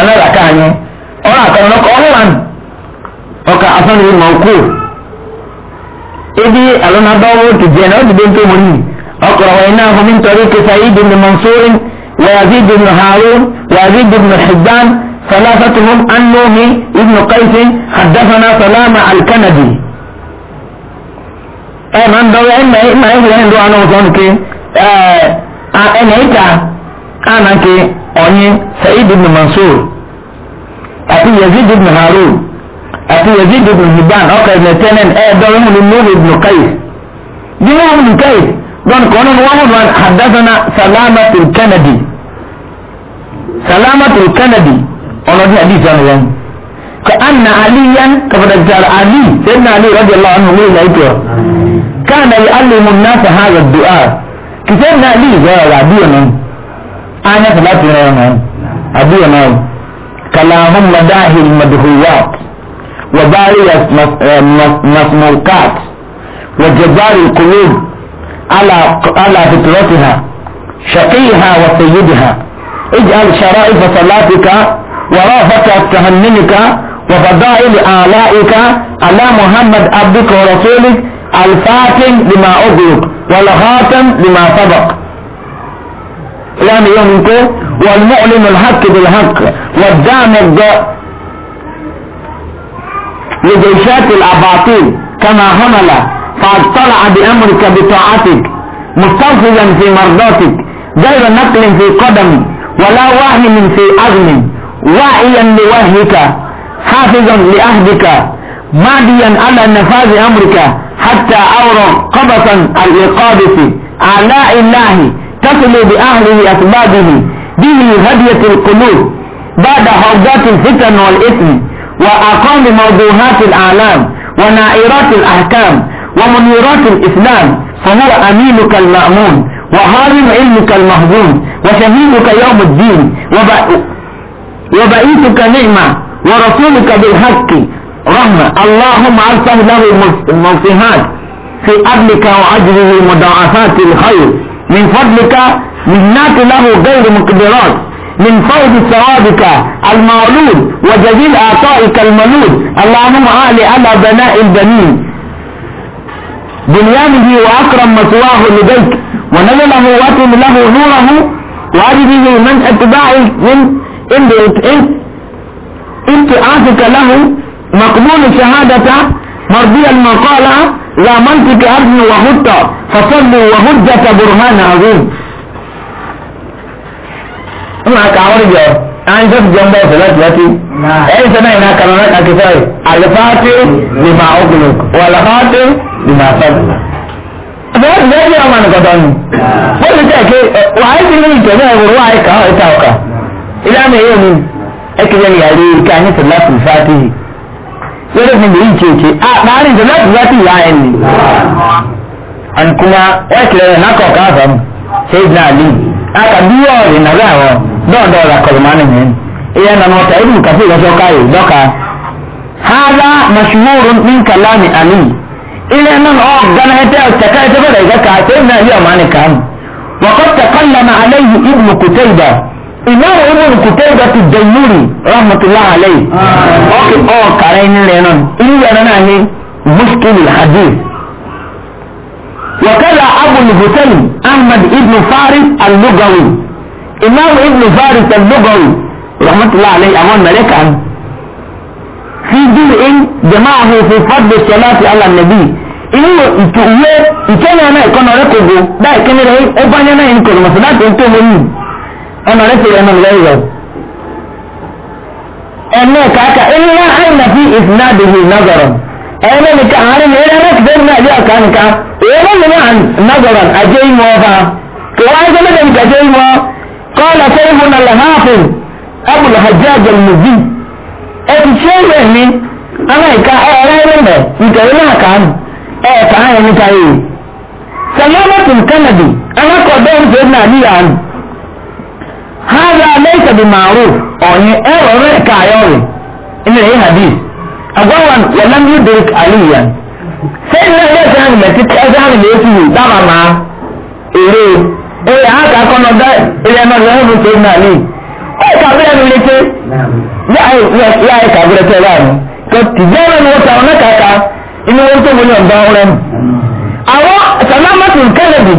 ẹlẹ́dàá ká yẹn ọ̀rọ̀ àkàrà lọ́kọ̀ ọ̀rọ̀ wà ní ọkà afẹ́ni mọ̀ kú ebi alonadọ́wọ́ tó jẹ́ náà ó dìde tó mọ̀ ní ọkọ̀ ọ̀wọ̀ iná fún mi nítorí kẹsà yìí dùn ní mansorin ويزيد بن هارون ويزيد بن حبان ثلاثتهم عن نومي ابن قيس حدثنا سلامة الكندي ẹ máa ń dọ́wọ́ ẹ máa ń dọ́wọ́ àwọn ọ̀sán nìke ẹ ẹ náà ìta ká náà ke آنی سعید بن منصور اپی یزید بن هارون اپی یزید بن هبان او قید نتنین اے إيه، دوهم لنور بن قیس جنوه بن قیس دون کونن وامد وان حدثنا سلامت الكندی سلامت الكندی اونا دی حدیث وان يعني وان يعني. كأن عليا كفر الجار علي سيدنا علي رضي الله عنه مين لأيته كان يعلم الناس هذا الدعاء كسيدنا علي زيادة عبيا منه أنا آية ثلاث مرات أبي أنا كلامهم مداهي المدهوات وباري مسموكات وجبار القلوب على على فطرتها شقيها وسيدها اجعل شرائف صلاتك ورافق تهنمك وفضائل آلائك على محمد عبدك ورسولك الفاتن لما أبلغ والخاتم لما سبق يعني يوم انتو الحق بالحق والدعم الضاء لجيشات الأباطيل كما همل فاطلع بأمرك بطاعتك مستنفذا في مرضاتك غير نقل في قدم ولا واهم في أغن واعيا لوهك حافظا لأهدك ماديا على نفاذ أمرك حتى أورق قبطا في أعلاء الله تصل بأهله أسبابه به هدية القلوب بعد حوجات الفتن والإثم وأقام موضوعات الأعلام ونائرات الأحكام ومنيرات الإسلام فهو أمينك المأمون وهارم علمك المهزوم وشهيدك يوم الدين وبئيتك نعمة ورسولك بالحق رحمة اللهم أرسل له الموصيحات في أبلك وعجله مضاعفات الخير من فضلك منات له غير مقدرات من فوض ثوابك المولود وجزيل عطائك المولود اللهم أعلي على بناء البنين بنيانه وأكرم مثواه لديك ونزله واتم له نوره وأجده من اتباعه من انت انت له مقبول شهادة مرضي المقالة لا منطق عدل وهدى فصلوا وهدة برهان عظيم أما كعوري جو أنا جب جنبه ثلاث لاتي أي سنة هنا كان لك أكفاي الفاتح لما أغلق والخاتم لما سبق Abẹ́rẹ́ ìgbẹ́ bí ọmọ nìkọ̀tọ̀ ni. Ó lè jẹ́ kí wàá ti ní ìtẹ̀lẹ́ ìwòrán wàá ẹ̀ka ọ̀ẹ́ta ọ̀ka. Ilé àmì èyí ni ẹ̀kẹ́jẹ́ ìyàrí ìka ní Sọ̀lá Fùfátìhì yadda sun yi keke a ɗarin da za su yayan ne an kuma ya kira da naka kafan sai na ali aka biyo da na zawo don da da kalmanin ne iya na mota ibn kafir da sokaye doka hada mashhurun min kalami ali ila nan o gana ta ta kai ta da ga ka sai na iya mani kan wa qad taqallama alayhi ibn qutayba ìmáàmù ibùn kùtẹ́gà ti jẹ̀yúrì rahmatulah alayhi ọkì ọ̀kàrẹ́ nílẹ̀ náà ìyá náà ní muskil hadith وكذا أبو الهتل أحمد ابن فارس اللغوي إمام ابن فارس اللغوي رحمة الله عليه أمان ملكا في جزء جمعه في فضل الصلاة على النبي inú ìtòwé ìtẹ́lẹ̀ náà ìkọ́nà rẹ̀ kò gbó báyìí kí ni rẹ̀ ó bá yẹn náà ìkọ̀rọ̀ mọ̀sálásí tó mọ́ yìí ọmọ rẹ ti rẹ nàn lẹ́yọ̀ ẹ̀mí kàkà ẹ̀yìnlá àìnàfi ìsìnàdìhì nàgọ̀rọ̀ ẹ̀yìn ní ká àárín ní ẹ̀rẹ́ ti dẹ́nu náà yọ ọ̀ká nìka èyí ní ní nàgọ̀rọ̀ àjẹ́ ìmọ̀ ọba kò wáyé tó lẹ́nu kàjẹ́ ìmọ̀ kọ́ọ̀lá fẹ́ẹ́ mu nà làhàfin abùlà hajj àjẹmùbí ẹ̀tì tí ó rẹ̀ ní aláìka ẹ̀rẹ́ rẹ̀ hada laisa bi ma'ruf onye ẹrọ rẹ ka ayọrọ ina yi hadith agwawan walam yudrik aliyan sai na ya ta ni meti ta ta ni meti ni dama ma ere eh aka kono da ile na ya hu to na ni o ka bi ni le te ya ai ya ya ka bi te ra ni ko ti je na no ta na ka ka ina wo to mo ni on da ore ni awo salamatu kalabi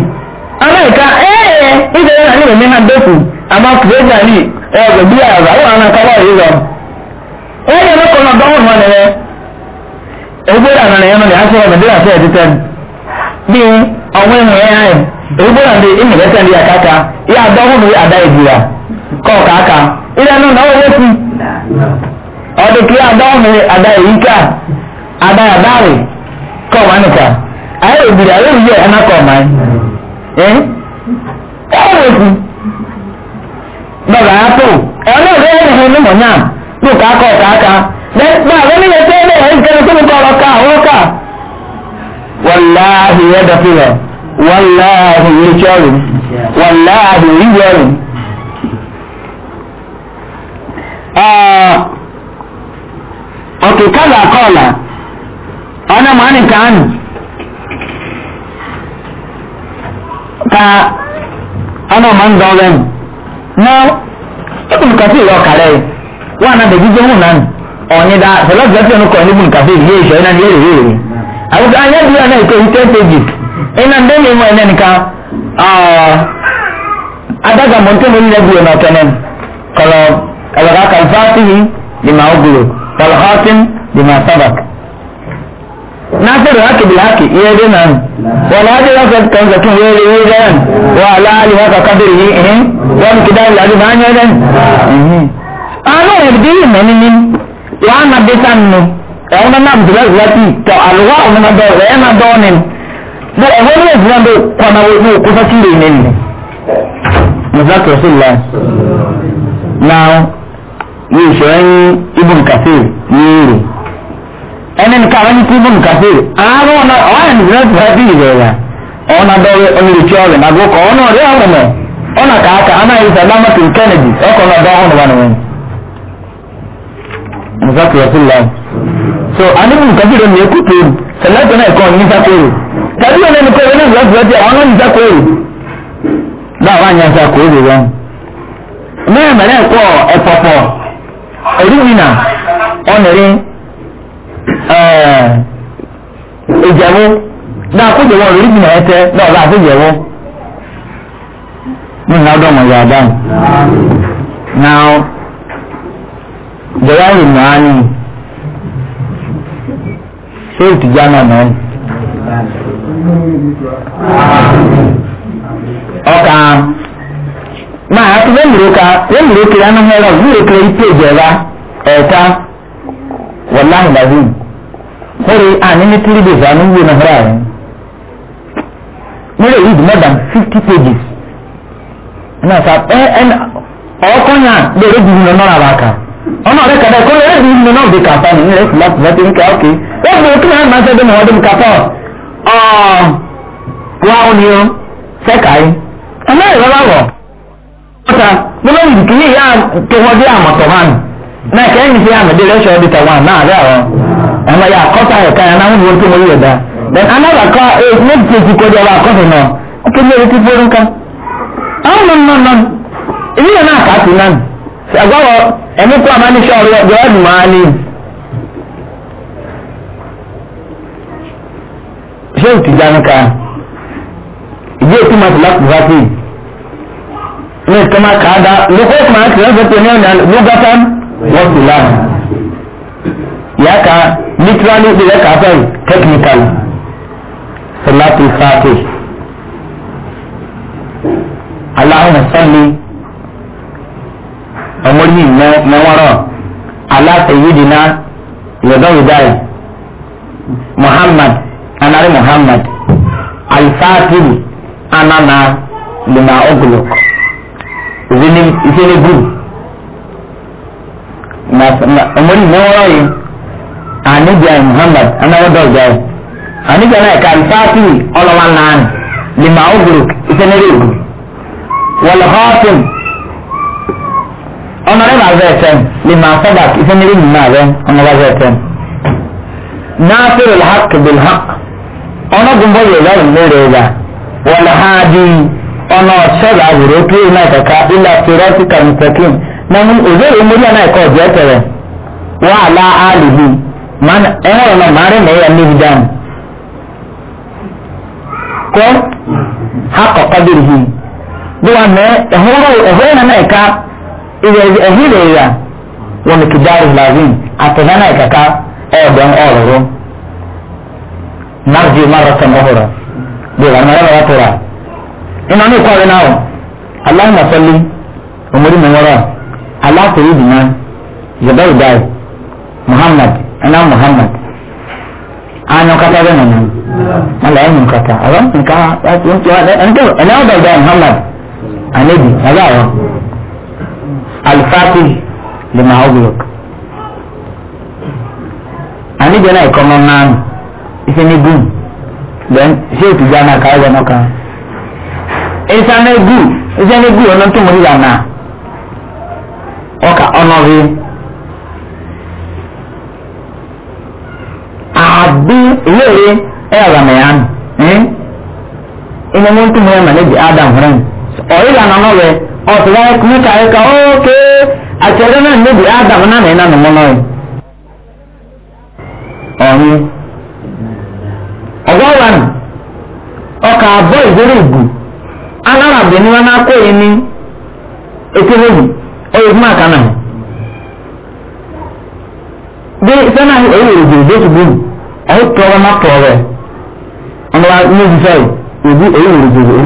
ana ka eh ide na ni me na dofu àmọ́ kìlẹ̀ ìgbà yìí ẹ ọ̀gbẹ̀ bí àrà àwọn àwọn akáwà yìí lọ. wọ́n yẹ lọ́kọ̀ náà dánwò wọn nìyẹn egbèrè àná nìyẹn náà ní aṣọ ọ̀gbẹ̀ dé àṣẹ ẹ̀dítẹ́ bí fi bàbá àtò ọ̀nà ìrẹ́wọ̀n ìhun ní mọ̀nyá tó kàákọ̀ kàákà bá àwọn onílẹ̀ tó ń bẹ̀rẹ̀ ìkẹrẹ tó ń bọ̀ ọ̀rọ̀ ká àwọn ká. wàláhì yẹ dọ̀tí rẹ̀ wàláhì yẹ jọ́rì wàláhì yẹ jọ́rì. ọ̀kì kálà kọ́ọ̀là ọ̀nà mọ̀ánì kánù ka ọ̀nà mọ̀ánì now ibùn kàfé ìwọ kàrẹ yìí wọn àná bẹbí jẹ wọn nánu ọ̀nì dá fẹlẹ́fẹ́ fẹ́ nu kọ́ ní ibùn kàfé yìí ìṣọ́ iná ní èrè èrè ni àbúkọ ayé bí wọn náà ìkó yìí ten pages iná ndé mi mú ẹ náà nìkan adága mọ̀ntẹ́ mi nílẹ̀ bíi ọ̀nà ọ̀tẹ́nẹ́ kọlọ ẹ̀rọ kàkà ìfáàtì yìí ni màá gbòòrò kọlọ hàtìm ni màá sábàkì. ناصر هاكي بالهاكي يدين عن والهادي وقد كان زكين يدين يدين وعلى آله وقد قدره وان كده العزيز عن يدين أنا يبدين من من وعن بسنه أنا نام دلال ذاتي تألواء من الدور أنا دونين ده أول يزلان دو كنا وإنه كفتيري مني مزاك رسول الله now يشعر ابن كثير يوري no ẹni nìkan àwọn ẹnìkú mú nìkan sí àárọ̀ náà ọ̀hún ẹni nìkan sí ẹbí ìbẹ̀rẹ̀ ọ̀hún adọ́rẹ́ onírìkí ọ̀rẹ́ náà gbókọ̀ ọ̀hún ọ̀rẹ́ ọ̀rẹ́ mọ̀ ọ̀nà kàákà anáyẹ sàdámàtì kẹ́nẹ̀dì ọkọ̀ náà dọ́ ọ̀hún wọn wọn. nìkàtì ọ̀sùn lọ. so anínú nìkan sí ìròyìn èkó tó sẹlẹ́tọ̀ náà ẹ̀kọ́ nìkàkóró tàbí ọ̀nà nìkóró ní ìlọ́sibẹ́tì ọ̀nà nìkàkóró dáhùn àyànṣe àkóró rẹ̀ mẹ́rin mẹ́rin ẹ̀kọ́ ẹ̀pọ̀pọ̀ ẹ̀rí wìnà ọ̀nà rẹ̀ ìjẹ̀wó náà kójẹ̀wó lórí ìgbìmọ̀ ẹ̀tẹ́ náà bá kójẹ̀wó ní ìnáwó dọ̀mọ̀ ìyá dáhùn. now jọ̀wọ́ rìn mọ́ á ní ṣé ìtìjà náà náà ọkà máa tó wémìróka wémìrókè anahu ẹ̀rọ wémìrókè ìpè ìjẹba ẹ̀ka wọ̀láhùn làhùn. Sorry, and ah, in three days, I know you know her. We read more than 50 pages. And I said, eh, eh and all oh, Konya, they read you know Araka. ọmọ rẹ kẹta kó lè rí nínú náà bí kàtà ní ilé ìfúnná tí wọ́n ti ń kẹ́ ọ́kì wọ́n fi òkú náà máa ṣe dẹ́nu ọdún kàtà wá ó ní ọ sẹ́kàáyé ọmọ ìrọ̀ lọ́wọ́ ọ̀tà gbogbo ìdìkì yìí yá tó wọ́n dé àmọ̀tọ̀ wọn náà kẹ́yìn sí àmọ̀dé rẹ̀ ṣọ́ọ́dì tẹ̀wọ̀n náà rẹ̀ ọ̀rọ̀ ama ya akɔta yɛ kan anahu ni wɔntɛ mɔri yɛ da then anaba ka ee ne bi tɛsi kɔdi ɔba akɔta nɔ ɔkɛ ne bi ti fo nka ɔn nɔ nɔ nɔ ebi yɛ naa kaatu nan agbawɔ ɛmi kura ma ni sɔɔri yɛ jɔ ɛnu maa ni ṣé o ti já ní ka ìdí ètò máa ti láti bá sí ní ìtọ́má kàádá lókè kùmà á ti rẹ́ fẹ́ pé ní ọ̀nà lógátán wọ́n ti láàmú. Ìyá literally bí rẹ̀ kàá fẹ́ràn technical salatu fati aláhùn sọ́ni ọmọdé mẹ́wọ́rọ̀ aláṣẹ̀yédìná yọ̀dọ̀wìdáì muhammad anari muhammad alfatiri anana lima ogulok zini zini group ọmọdé mẹ́wọ́rọ̀ yìí anigya muhammad anawo dɔgba yi anigya na ɛka nfaati ɔlɔwa nan lima ogoro isanere egu wɔlɔ hɔɔtum ɔnɔre na azɛ ɛtɛm lima sadak isanere nyina azɛ ɔnɔre azɛ ɛtɛm naasiri lhaq bilhaq ɔnɔ gumbo yɛ lɔri mmiri ɛga wɔlɔ haadi ɔnɔ ɔsɛlɛ awuro tuuru na kaka ila sirɔti kamitakin na mu ozeri omori anayi kɔ ɔdi ɛtɛrɛ wɔala alihi mana ɛhɔn na mare na ɛyɛ nebi dan kɔ ha kɔkɔ bi rihin bi wa mɛ ɛhɔn na ɛhɔn na na ɛka ɛyɛ ɛhɔn na ɛyɛ wɔn ti dari lazim atɛnɛ na ɛkaka ɛyɛ dɔn ɔrɔrɔ marji mara kan ɔhɔrɔ bi wa mɛrɛ mɛrɛ tora ina ne kɔri na o alahu ma sɔli omori mɛmɔrɔ ala kori dina yabaru dai muhammad ana muhammad ah, anyo kata da nan mala yin kata awa in ka ta tun ci wala an to ana da da muhammad anabi ah, alawa al-fatih lima ugluk anabi ah, na ikomo nan isini gun then se tu jana ka ga noka isane gu isane gu onan to yana oka eh, eh, onovi bi yeye ɛyɛ ramayan ɛn ɛna mo ntum yɛ mane di adam hran ɔyɛ la nana wɛ ɔtɔ wa e kumi ka yɛ e ka ɔɔke akyɛrɛ na ne di adam na na ɛna ne mo nɔɛ ɔnye ɔwɔ wa no ɔka abɔ ìgboro ìgbu anara bene wa n'akɔ yi e ni ekele mu ɔyɛ kuma aka na ho bi sɛ na ọ̀hún tọrọ má tọrọ ẹ̀ ọ̀nà wa ní ìdíjọ́ yìí èyí èyí ò lè jèrè